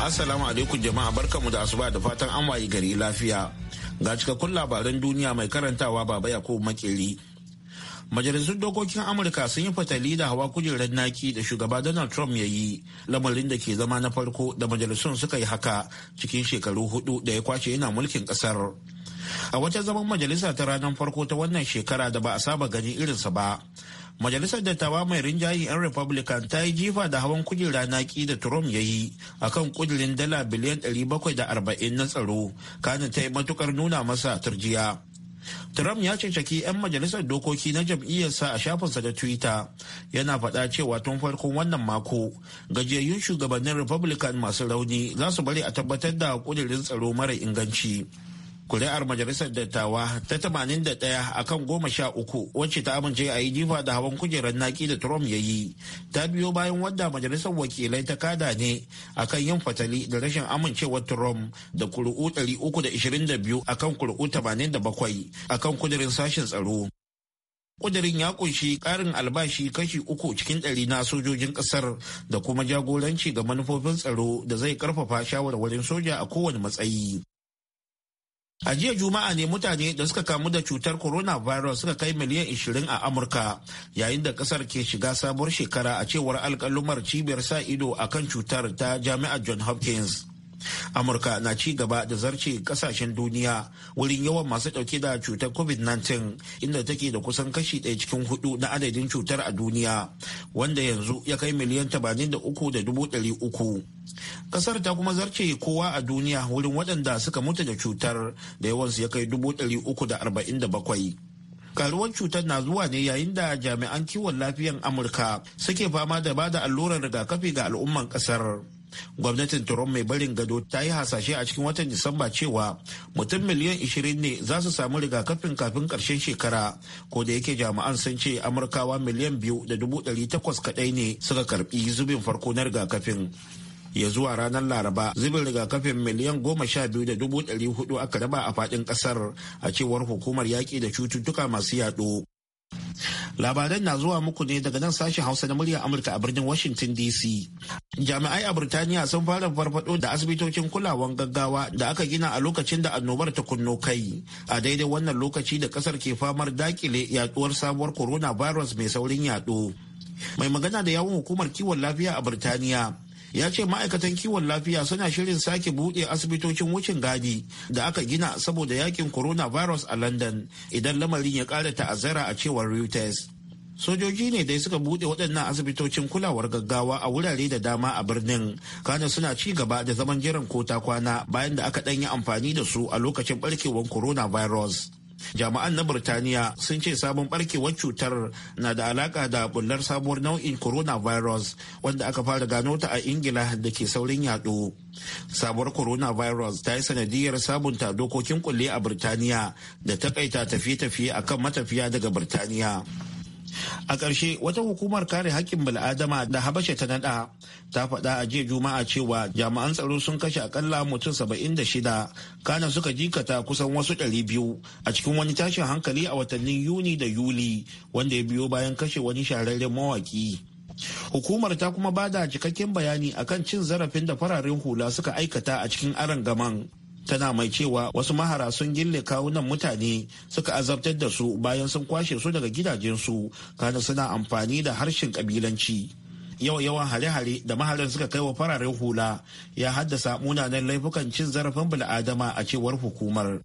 Assalamu alaikum jama'a barkamu da asuba da fatan an wayi gari lafiya. Ga cikakkun labaran duniya mai karantawa baba ya Yakubu Makeri. Majalisun dokokin Amurka sun yi fatali da hawa kujerar naki da shugaba Donald Trump ya yi lamarin da ke zama na farko da majalisun suka yi haka cikin shekaru hudu da ya kwace yana mulkin kasar. A wata zaman majalisa ta ranar farko ta wannan shekara da ba a saba gani irinsa ba. majalisar dattawa mai rinjayi 'yan republican ta yi jifa da hawan kujera ki da trump ya yi a kan kudirin dala biliyan 740 na tsaro kana ta yi matukar nuna masa turjiya trump ya cancaki 'yan majalisar dokoki na jam'iyyarsa a shafinsa da twitter yana faɗa cewa tun farkon wannan mako gajiyayyun shugabannin republican masu rauni za su bari a tabbatar da kudirin tsaro mara inganci kuri'ar majalisar dattawa ta tamanin 81 a kan goma sha uku wacce ta amince a yi jifa da hawan kujerar naki da trump ya yi ta biyo bayan wadda majalisar wakilai ta kada ne a kan yin fatali da rashin amincewar trump da kuri'u 322 a kan kuri'u 87 a kan kudirin sashen tsaro kudirin ya kunshi karin albashi kashi uku cikin ɗari na sojojin ƙasar da kuma jagoranci ga manufofin tsaro da zai karfafa shawarwarin soja a kowane matsayi A jiya Juma'a ne mutane da suka kamu da cutar coronavirus suka kai miliyan 20 a Amurka yayin da kasar ke shiga sabuwar shekara a cewar alkalumar cibiyar sa ido a kan cutar ta jami'ar John Hopkins. amurka na ci gaba da zarce kasashen duniya wurin yawan masu dauke da cutar covid-19 inda take da kusan kashi ɗaya cikin hudu na adadin cutar a duniya wanda yanzu ya kai miliyan da da uku dubu uku. kasar ta kuma zarce kowa a duniya wurin waɗanda suka mutu da cutar da yawansu ya kai dubu uku da da arba'in bakwai. karuwar cutar na zuwa ne yayin da jami'an kiwon lafiyan amurka suke fama da bada allurar rigakafi ga al'umman kasar gwamnatin trump mai barin gado ta yi hasashe a cikin watan disamba cewa mutum miliyan 20 ne za su samu rigakafin kafin karshen shekara ko da yake jami'an sun ce amurkawa miliyan biyu da dubu ɗari takwas kaɗai ne suka karbi zubin farko na rigakafin ya zuwa ranar laraba zubin rigakafin miliyan goma sha biyu da dubu ɗari hudu aka raba a faɗin ƙasar a cewar hukumar yaƙi da cututtuka masu yaɗo Labaran na zuwa muku ne daga nan sashen Hausa na muryar Amurka a birnin Washington DC. Jami'ai a Burtaniya sun fara farfado da asibitocin kulawan gaggawa da aka gina a lokacin da annobar ta kunno kai. A daidai wannan lokaci da kasar ke famar dakile yaduwar sabuwar coronavirus mai saurin yaɗo. Mai magana da yawun hukumar kiwon lafiya a Birtaniya. ya ce ma'aikatan kiwon lafiya suna shirin sake buɗe asibitocin wucin gadi da aka gina saboda yakin coronavirus a london idan lamarin ya ƙara ta'azzara a cewar reuters sojoji ne dai suka buɗe waɗannan asibitocin kulawar gaggawa a wurare da dama a birnin kana suna ci gaba da zaman jiran kota kwana bayan da aka ɗanyi amfani da su a lokacin ɓarkewar coronavirus jami'an na birtaniya sun ce sabon barkewar cutar na da alaka da bullar sabuwar nau'in coronavirus wanda aka fara gano ta a ingila da ke saurin yaɗo sabuwar coronavirus ta yi sanadiyar sabunta dokokin kulle a birtaniya da ta takaita tafiye-tafiye akan matafiya daga birtaniya a ƙarshe wata hukumar kare haƙƙin bil'adama da habasha ta nada ta faɗa a jiya juma'a cewa jami'an tsaro sun kashe akalla mutum saba'in da shida kana suka jikata kusan wasu ɗari biyu a cikin wani tashin hankali a watannin yuni da yuli wanda ya biyo bayan kashe wani shahararren mawaƙi hukumar ta kuma bada cikakken bayani akan cin zarafin da fararen hula suka aikata a cikin aron gaman tana mai cewa wasu mahara sun gille kawunan mutane suka azabtar da su bayan sun kwashe su daga gidajensu kana suna amfani da harshen kabilanci yawa yawan hare-hare da maharan suka kai wa fararen hula ya haddasa munanan laifukan cin zarafin bil'adama a cewar hukumar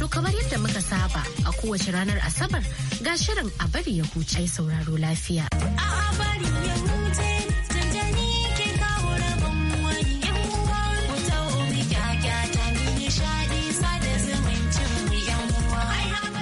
To kamar yadda muka saba a kowace ranar Asabar ga shirin a bari ya huce sauraro lafiya. A bari ya huce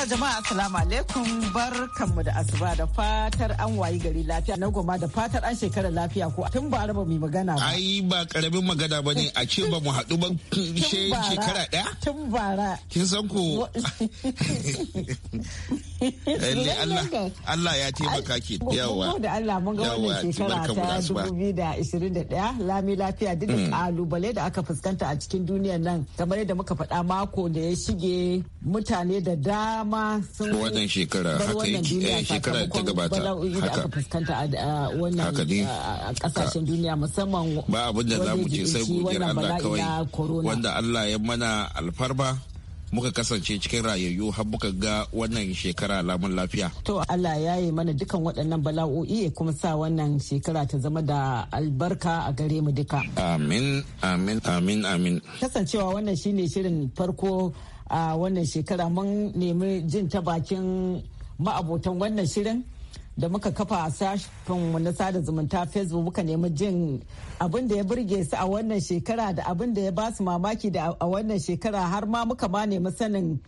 To jama'a assalamu alaikum kanmu da asuba da fatar an wayi gari lafiya na goma da fatar an shekara lafiya ko tun ba araba mai magana ba. Ai ba karamin magana ba ne a ce ba mu haɗu ba shekara ɗaya? Tun bara. Kin san ko. Allah Allah ya baka ke yawa. da Allah mun ga wannan shekara ta 2021 lami lafiya duk da kalubale mm. da aka fuskanta a cikin duniyar nan kamar yadda muka faɗa mako da ya shige mutane da dama dama sun wannan shekara haka yake eh, shekara ta gabata haka fuskanta a wannan kasashen duniya musamman ba abin da za mu ce sai godiyar Allah kawai wanda Allah ya mana alfarma muka kasance cikin rayayyu har muka ga wannan shekara lamun lafiya. To Allah ya yi mana dukan waɗannan bala'o'i ya kuma sa wannan shekara ta zama da albarka a gare mu duka. Amin, amin, amin, amin. Kasancewa wannan shine shirin farko a wannan shekara mun nemi jin ta bakin ma'abotan wannan shirin da muka kafa a sashen na sada zumunta facebook muka nemi jin abin da ya burge su a wannan shekara da abin da ya ba su mamaki da a wannan shekara har ma muka ma nemi sanin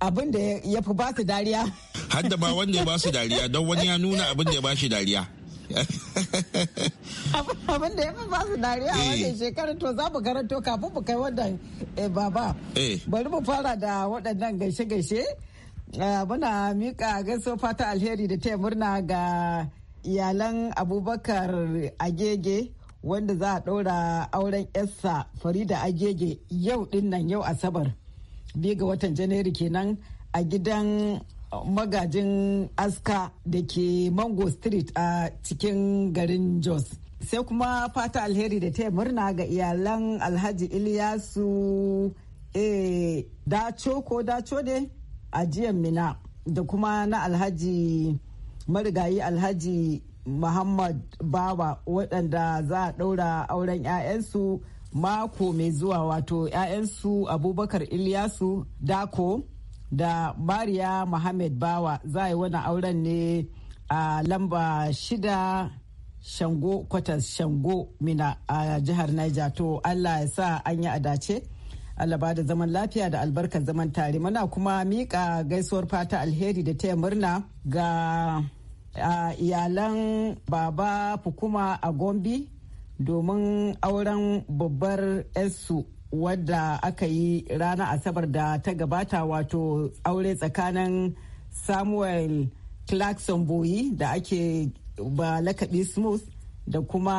abin da ya fi ba su dariya. Hadda ba wanda ya ba su dariya don wani ya nuna abin da ya ba shi dariya. abin da ya fi basu dariya a eh. wannan shekarar to za mu karanto kafin mu kai wannan eh, baba eh. bari mu fara da waɗannan gaishe-gaishe muna mika gaisuwa fata alheri da taya murna ga iyalan abubakar agege wanda za a ɗora auren yarsa farida agege yau dinnan yau asabar biyu ga watan janairu kenan a gidan magajin aska da ke mango street a cikin garin jos sai kuma fata alheri da ta murna ga iyalan alhaji iliyasu e eh, daco ko daco ne a jiyan mina da kuma na alhaji marigayi alhaji muhammad bawa waɗanda za a ɗaura auren 'ya'yansu mako mai zuwa wato 'ya'yansu abubakar iliyasu dako da bariya Muhammad bawa za yi wani auren ne a lamba shida shango kwatas shango mina a jihar niger to allah ya sa an yi adace allah ba da zaman lafiya da albarkar zaman tare muna kuma miƙa gaisuwar fata alheri da taya murna ga iyalan baba fukuma a gombi domin auren babbar yarsu wadda aka yi ranar asabar da ta gabata wato aure tsakanin samuel clarkson boyi da ake ba lakabi smooth da kuma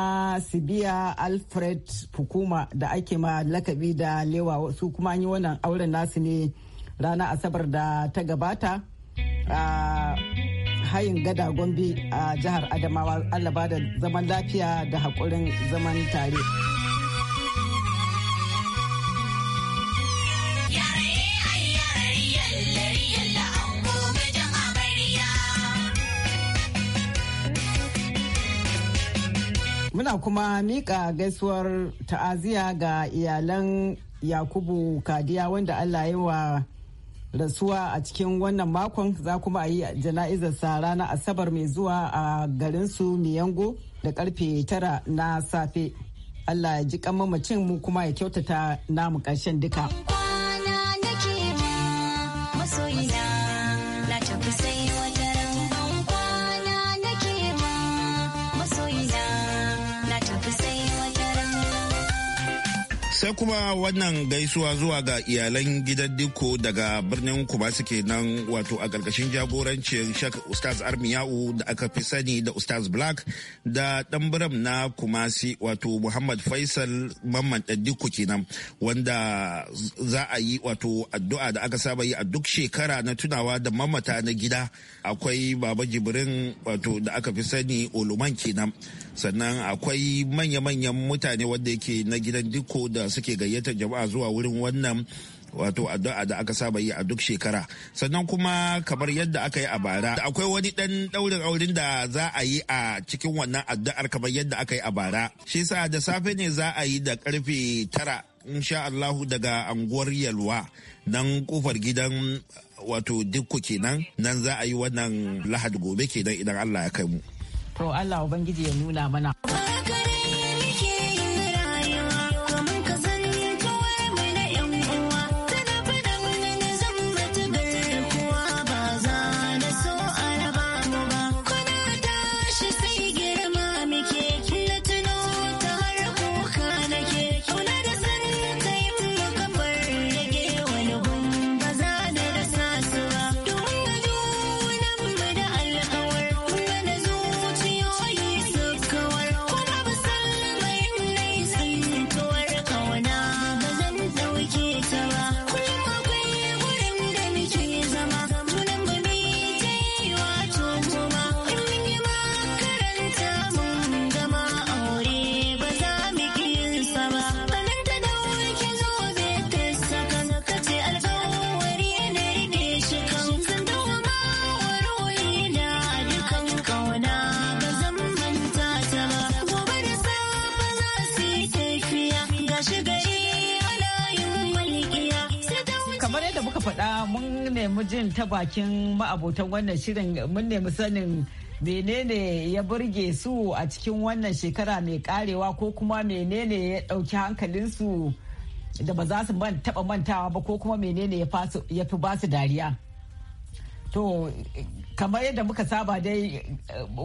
sibiya alfred hukuma da ake ma lakabi da lewa su kuma an yi wannan auren nasu ne ranar asabar da ta gabata a hayin gada gombe a jihar adamawa allaba da zaman lafiya da haƙurin zaman tare. Muna kuma mika gaisuwar ta'aziya ga iyalan Yakubu Kadiya wanda Allah yi wa rasuwa a cikin wannan makon za kuma a yi sa ranar asabar mai zuwa a garinsu miyango da karfe tara na safe allah ya ji kan mamacin mu kuma ya kyautata namu ƙarshen duka. kuma wannan gaisuwa zuwa ga iyalan gidan diko daga birnin Kumasi kenan wato a ƙarƙashin jagorancin shak Ustaz Armiyau da aka fi sani da Ustaz Black da ɗanbiram na Kumasi wato Muhammad Faisal Mamman Ɗaddiko kenan wanda za a yi wato addu'a da aka saba yi a duk shekara na tunawa da mamata na gida akwai Baba Jibrin wato da aka fi sani Oluman kenan sannan akwai manya-manyan mutane wanda yake na gidan diko da suke ake gayyatar jama'a zuwa wurin wannan wato addu'a da aka saba yi a duk shekara sannan kuma kamar yadda aka yi a bara akwai wani dan daurin auren da za a yi a cikin wannan addu'ar kamar yadda aka yi a bara shi yasa da safe ne za a yi da karfe tara insha Allahu daga anguwar Yalwa nan kofar gidan wato dukku kenan nan za a yi wannan lahad gobe kenan idan Allah ya kai mu to Allah ubangiji ya nuna mana nemi jin ta bakin ma'abotan wannan shirin mun nemi sanin menene ya burge su a cikin wannan shekara mai karewa ko kuma menene ya ɗauki hankalinsu da ba za su taɓa mantawa ba ko kuma menene ya fi ba su dariya. To, kamar yadda muka saba dai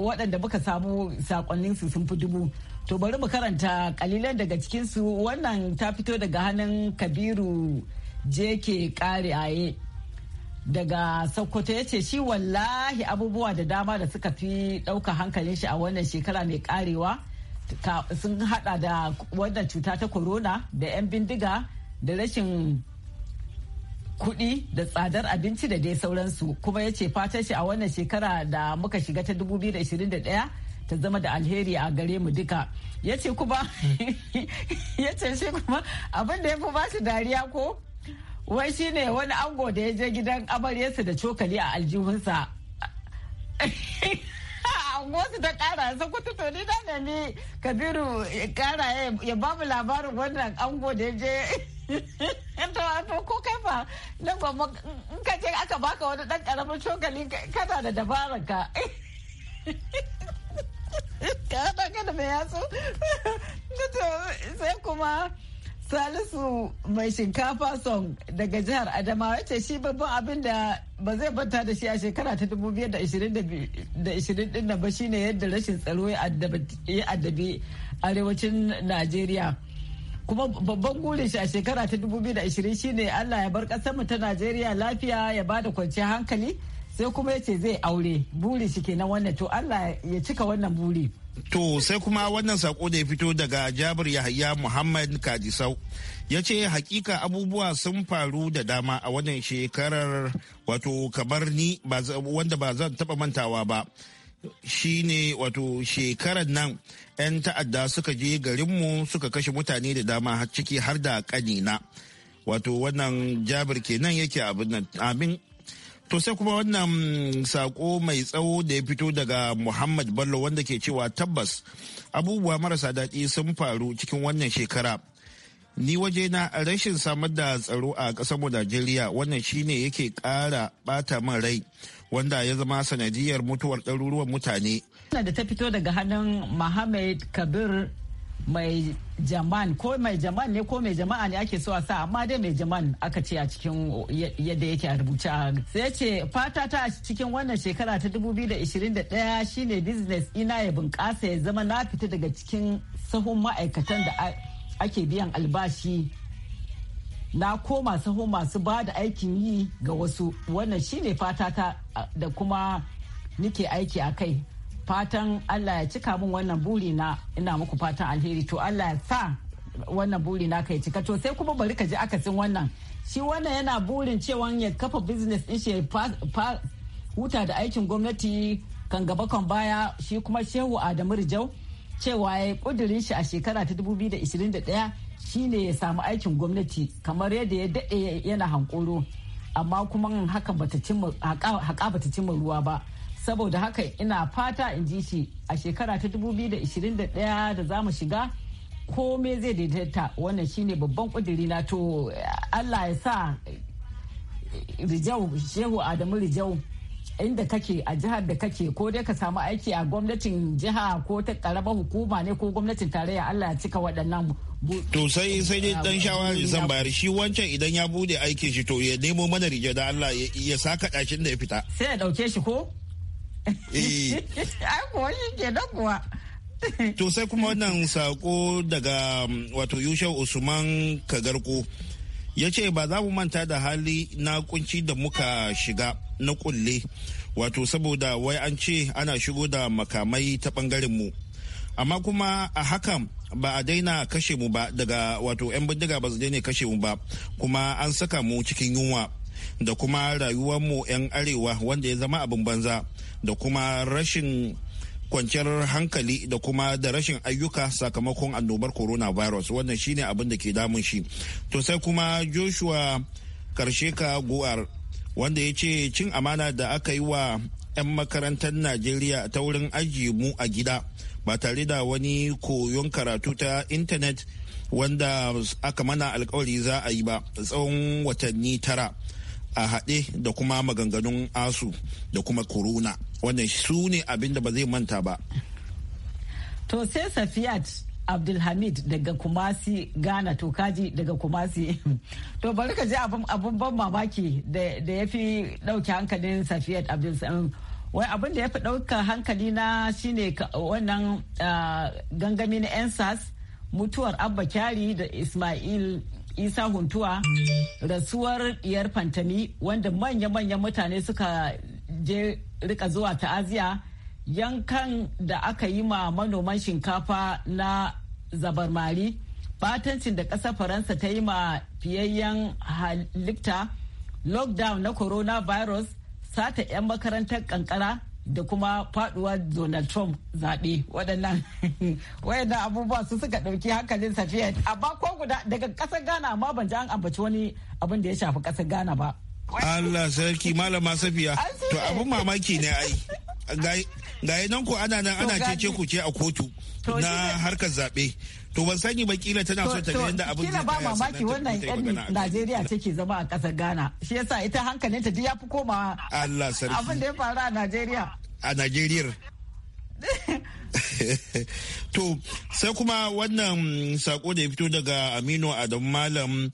waɗanda muka samu sakonninsu sun fi dubu. To, bari mu karanta kalilan daga cikinsu wannan ta fito daga hannun Kabiru jeke ke kare aye. daga Sokoto ya ce shi wallahi abubuwa da dama da suka fi ɗauka hankalin shi a wannan shekara mai karewa sun hada da wannan cuta ta corona da 'yan bindiga da rashin kuɗi da tsadar abinci da dai sauransu kuma ya ce fatan shi a wannan shekara da muka shiga ta 2021 ta zama da alheri a gare mu duka ya ce kuma ya abin da ya fi ba dariya ko wai shine wani ango da ya je gidan amaryarsa da cokali a aljihunsa angonsu ta kara sakuta to ni na nemi kabiru kara ya ba mu labarin wannan ango da ya je to ko kai fa nan gwamma in ka je aka baka wani dan karamin cokali kana da dabarar ka ka haɗa ka mai yatsu sai kuma Salisu mai shinkafa song daga jihar Adamawa ce shi babban abin da ba zai banta da shi a shekara ta 2020 din ba shine yadda rashin tsaro ya addabi arewacin Najeriya. Kuma babban gurin shi a shekara ta 2020 shine Allah ya bar mu ta Najeriya lafiya ya bada kwanciyar hankali sai kuma ya ce zai aure buri shi kenan wannan to Allah ya cika wannan buri. To sai kuma wannan sako da ya fito daga Jabir yahya Muhammad Kadisau ya ce hakika abubuwa sun faru da dama a wannan shekarar wato kamar ni wanda ba zan taba mantawa ba. Shi ne wato shekarar nan 'yan ta'adda suka je garinmu suka kashe mutane da dama ciki har da kanina. Wato wannan jabir kenan yake abin To sai kuma wannan sako mai tsawo da ya fito daga Muhammad Bello wanda ke cewa tabbas abubuwa marasa daɗi sun faru cikin wannan shekara. Ni waje na rashin samar da tsaro a ƙasarmu Najeriya wannan shine yake ƙara ɓata man rai wanda ya zama sanadiyar mutuwar ɗaruruwan mutane. da ta fito daga hannun Mohammed Kabir mai jaman ko mai jaman ne ko mai jama'a ne ake so a sa amma dai mai jaman aka ce a cikin yadda yake a rubuce a sai ce fata ta cikin wannan shekara ta 2021 shine business ina ya bunkasa ya zama na fita daga cikin sahun ma'aikatan da ake biyan albashi na koma sahun masu ba da aikin yi ga wasu wannan shine fata ta da kuma nike aiki a kai fatan Allah ya cika mun wannan buri na ina muku fatan alheri to Allah ya sa wannan buri na ka ya cika to sai kuma bari ka ji akasin wannan shi wannan yana burin cewa ya kafa business din shi huta da aikin gwamnati kan gaba kan baya shi kuma shehu Adamu Rijau cewa ya kudirin shi a shekara ta 2021 shine ya samu aikin gwamnati kamar yadda ya dade yana hankoro amma kuma hakan bata cimma ruwa ba saboda haka ina fata in ji shi a shekara ta 2021 da za mu shiga kome zai daidaita wannan shine babban kudiri na to allah ya sa rijau shehu adamu rijau inda kake a jihar da kake ko dai ka samu aiki a gwamnatin jiha ko ta karamar hukuma ne ko gwamnatin tarayya Allah ya cika waɗannan To sai sai dai dan shawari zan bayar shi wancan idan ya bude aikin shi to ya nemo mana rija da Allah ya saka ɗakin da ya fita. Sai ya ɗauke shi ko? Eh. ai kuwa shi ke kuwa to sai kuma wannan sako daga mm, wato yusha usman kagarko ya ce ba za mu manta da hali na kunci da muka shiga na kulle wato saboda wai an ce ana shigo da makamai ta bangaren mu amma kuma a hakan ba a daina kashe mu ba daga wato 'yan bindiga ba su daina kashe mu ba kuma an saka mu cikin yunwa da kuma rayuwarmu 'yan arewa wanda ya zama abin banza da kuma rashin kwanciyar hankali da kuma da rashin ayyuka sakamakon annobar corona virus wannan shine abin da ke damun shi to sai kuma joshua karshe ka wanda ya ce cin amana da aka yi wa 'yan makarantar najeriya ta wurin aji mu a gida ba tare da wani koyon karatu ta intanet wanda aka mana alkawari za a yi ba tsawon watanni tara a haɗe da kuma maganganun asu da kuma corona wannan su ne abin da ba zai manta ba to sai safiyat abdulhamid daga kumasi ghana to kaji daga kumasi to bari ka ji abin ban mamaki da ya fi ɗauki hankalin safiyat abdulhamid um, wai abin da ya fi ɗauka hankali na shine wannan uh, gangami na ensas mutuwar abba kyari da ismail isa huntuwa rasuwar diyar fantani wanda manya-manyan mutane suka je rika zuwa ta'aziya yankan da aka yi ma manoman shinkafa na zabarmari batancin da ƙasar faransa ta yi ma fiyayyen halitta lockdown na coronavirus sata 'yan makarantar kankara da kuma faduwa donald trump zaɓe waɗannan wayannan abubuwa su suka ɗauki hankalin safiya amma ko guda daga ƙasar ghana amma ban ji an ambaci wani abin da ya shafi ƙasar ghana ba allah sarki malama safiya to abin mamaki ne ai ga nan ko ana nan ana ce ku ce a kotu na harkar zaɓe to ban sani ba kila tana so ta ga yanda abin kila ba mamaki wannan yan Najeriya take zama a kasar Ghana shi yasa ita hankalinta duk yafi komawa Allah sarki abin da ya faru a Najeriya a Najeriya to sai kuma wannan sako da ya fito daga aminu adam malam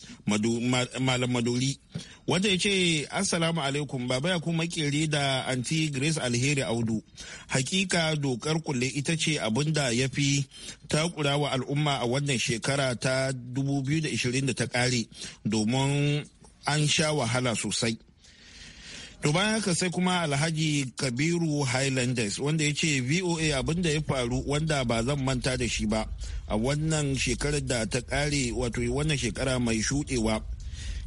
maduri wanda ya ce assalamu alaikum baba ya kuma kere da anti grace alheri audu hakika dokar kulle ita ce abin da ya fi takura wa al'umma a wannan shekara ta 2020 ta kare domin an sha wahala sosai To bayan haka sai kuma Alhaji Kabiru Highlanders wanda ya ce VOA abin da ya faru wanda ba zan manta da shi ba a wannan shekarar da ta kare wato wannan shekara mai shudewa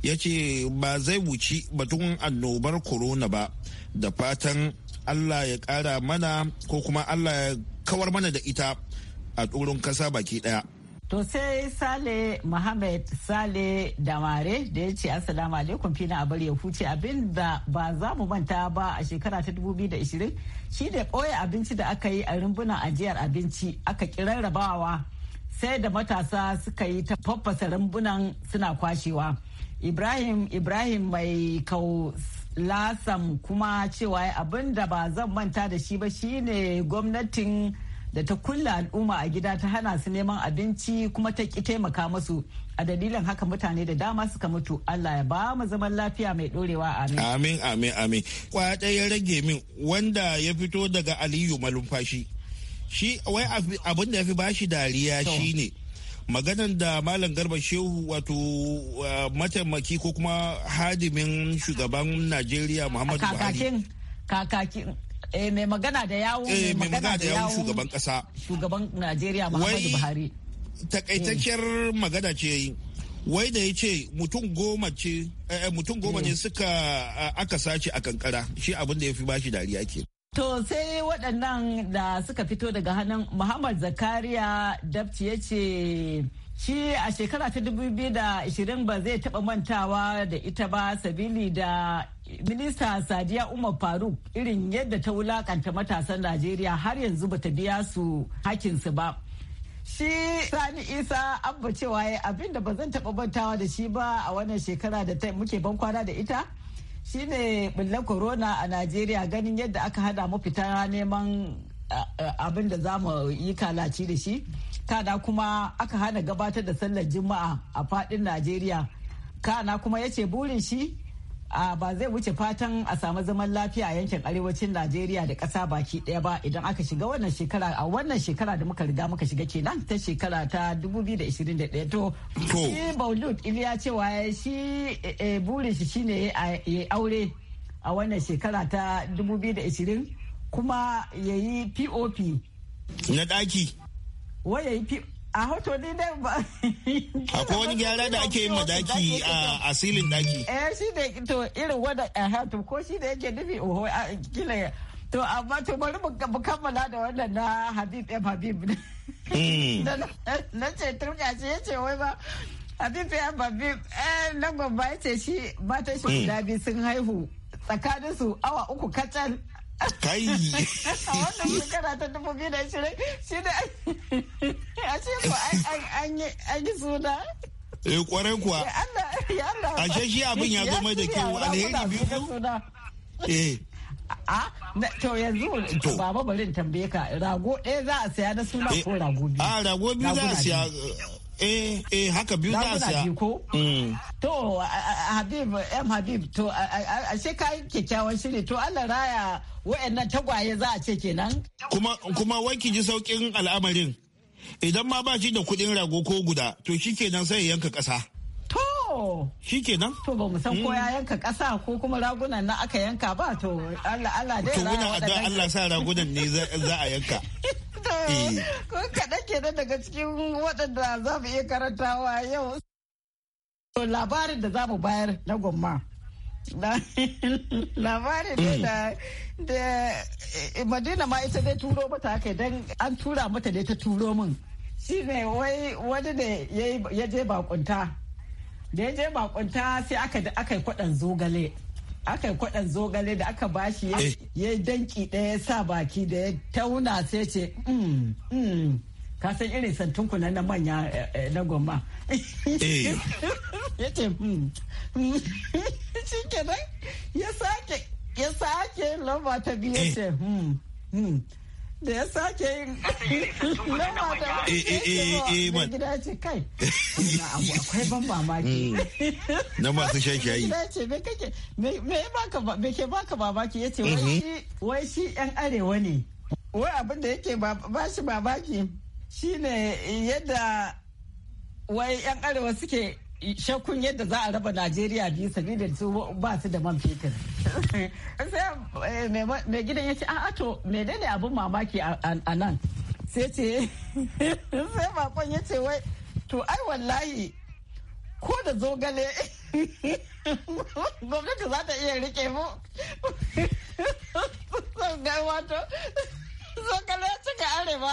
ya ce ba zai wuci batun annobar corona ba da fatan Allah ya kara mana ko kuma Allah ya kawar mana da ita a tsoron kasa baki daya. To sai Sale mohammed Sale Damare da ya ce Assalamu alaikum fina a bari ya huce abin da ba za mu manta ba a shekara ta 2020 shi da ɓoye abinci da aka yi a rumbunan ajiyar abinci aka rabawa sai da matasa suka yi ta faffasa rumbunan suna kwashewa. Ibrahim Ibrahim mai kau lasam kuma cewa abin da ba zan manta da shi ba shine gwamnatin da ta kulle al'umma a gida ta hana su neman abinci kuma ta ki taimaka musu a dalilin haka mutane da dama suka mutu Allah ya ba mu zaman lafiya mai dorewa amin amin amin amin kwaya ya rage min wanda ya fito daga Aliyu malumfashi shi wai abin da ya fi bashi dariya shine maganan da malam garba shehu wato mataimaki ko kuma hadimin shugaban najeriya muhammadu buhari eh mai magana da yawun eh mai magana da yawun shugaban kasa shugaban Najeriya Muhammadu Buhari takaitacciyar eh. magana ce yi wai da ya ce mutum goma ce eh, eh, mutum goma ne suka aka sace a kankara shi abin da ya fi bashi dariya ke To sai waɗannan da suka fito daga hannun Muhammad Zakariya Dabci ya ce shi a shekara ta 2020 ba zai taba mantawa da ita ba sabili da minista sadiya umar faruk irin yadda ta wulakanta matasan najeriya har yanzu ba ta biya su hakinsu ba shi sani isa abba cewa ya abin da ba zan taba mantawa da shi ba a wannan shekara da muke bankwana da ita shine bullar corona a najeriya ganin yadda aka hada mafita neman abin da za mu yi kalaci da shi kana kuma aka hana gabatar da sallar juma'a a fadin najeriya kana kuma ya ce burin shi a ba zai wuce fatan a samu zaman lafiya a yankin arewacin najeriya da kasa baki ɗaya ba idan aka shiga wannan shekara a wannan shekara da muka riga muka shiga kenan ta shekara ta 2021 to shi baulud iliya cewa shi e, e, burin shi shine ya aure a wannan shekara ta 2020 kuma ya pop na ɗaki waya yi fi a hoto ne da ba akwai wani gyara da ake yin madaki a asilin daki eh shi da to irin wanda a hatu ko shi da yake nufi oho a kila to amma to bari mu kammala da wannan na habib m habib hmm. na ce turka ce ya ce wai ba habib m habib eh, na gwamba ya ce shi mata shi hmm. guda biyu sun haihu tsakaninsu awa uku kacal kai a wannan shekara ta dubu biyu da ashirin shi da a ce ko an yi suna E, kwarai kuwa a shi abin ya zama da kyau alheri biyu eh A to yanzu baba barin tambaye ka rago ɗaya za a saya na suna eh. ko rago biyu? A ah, rago biyu za a saya eh eh haka biyu za a siya ko mm. to habib m habib to a sai ka kyakkyawan shiri to Allah raya wa'annan tagwaye za a ce kenan kuma kuma wai ki ji saukin al'amarin idan ma ba shi da kudin rago ko guda to shi shikenan sai yanka kasa Shi ke nan. To ba mu san ko hmm. ya yanka ƙasa ko kuma ragunan na aka yanka ba to Allah Allah dai. To muna ga Allah sa ragunan ne za a yanka. Eh. Ko kaɗan nan daga cikin waɗanda za mu iya karantawa yau. To labarin da za mu bayar na gwamma. labarin ne hmm. da da eh, madina ma ita dai turo mata haka idan an tura mata dai ta turo min shi ne wai wani da ya je bakunta da ya je bakunta sai aka da aka yi kwaɗan zogale aka yi kwaɗan zogale da aka bashi eh. ya yi danki ɗaya sa baki da ya tauna sai ce mm, mm. ka san irin santun kuna na manya eh, eh, na goma ya ce mm, shi ke ya sake ya sake lamba ta biyu ya ce da ya sake yin na mata na gida ce kai akwai ban mamaki mm. na masu shaki yayi me ke baka mamaki ya ce wai mm-hmm. shi yan arewa ne wai abin da yake ba shi mamaki shine yadda wai yan arewa suke shakkun yadda za a raba Najeriya biyu sabida su ba su da man fetur. Sai eh, mai gidan ya ce, a'a to, menene abin mamaki a nan? Sai ce, sai bakon ya ce, wai, to ai wallahi ko da zogale gwamnati za ta iya rike mu. Zogale wato, zogale cika arewa.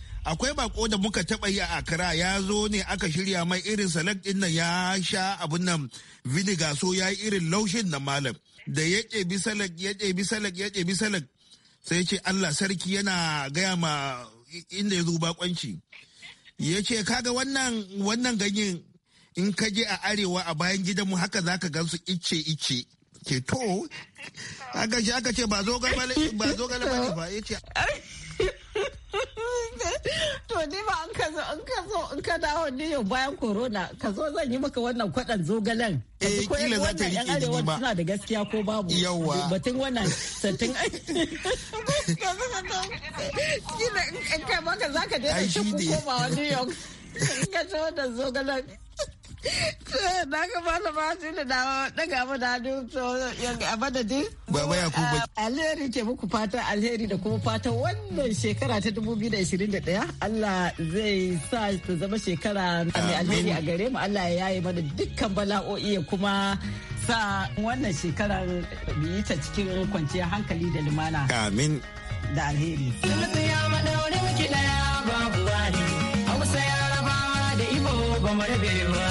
akwai bako da muka taɓa yi a Accra ya zo ne aka shirya mai irin salak ɗin nan ya sha abun nan vinegar so ya yi irin laushin na malam da ya ɗebi salak ya ɗebi salak ya ɗebi salak sai ce Allah sarki yana gaya ma inda ya zo bakwanci ya ce kaga wannan wannan ganyen in ka je a arewa a bayan gidanmu haka za ka su icce icce ke to aka ce ba zo ga ba zo ga ba ya ce to ni ba an ka zo an ka zo an ka dawo ni yau bayan corona ka zo zan yi maka wannan kwadan zogalen. Eh kila za ta rike ni ba. Suna da gaskiya ko babu. yawa Batun wannan sattin kila in ka maka za ka daina shi ko ba New York. Ka zo da zogalen Na ga fata ba su da dawa daga mu da hannu a madadin. Baba Yakubu. Ah, alheri ke muku fata alheri da kuma fata wannan shekara ta 2021 Allah zai sa ta zama shekara mai alheri a gare mu Allah ya yaye mana dukkan bala'o'i ya kuma sa wannan shekarar yi ta cikin kwanciyar hankali da limana. Amin. Da alheri. Sun ya maɗaure muke ɗaya babu wani. kuma ruwa.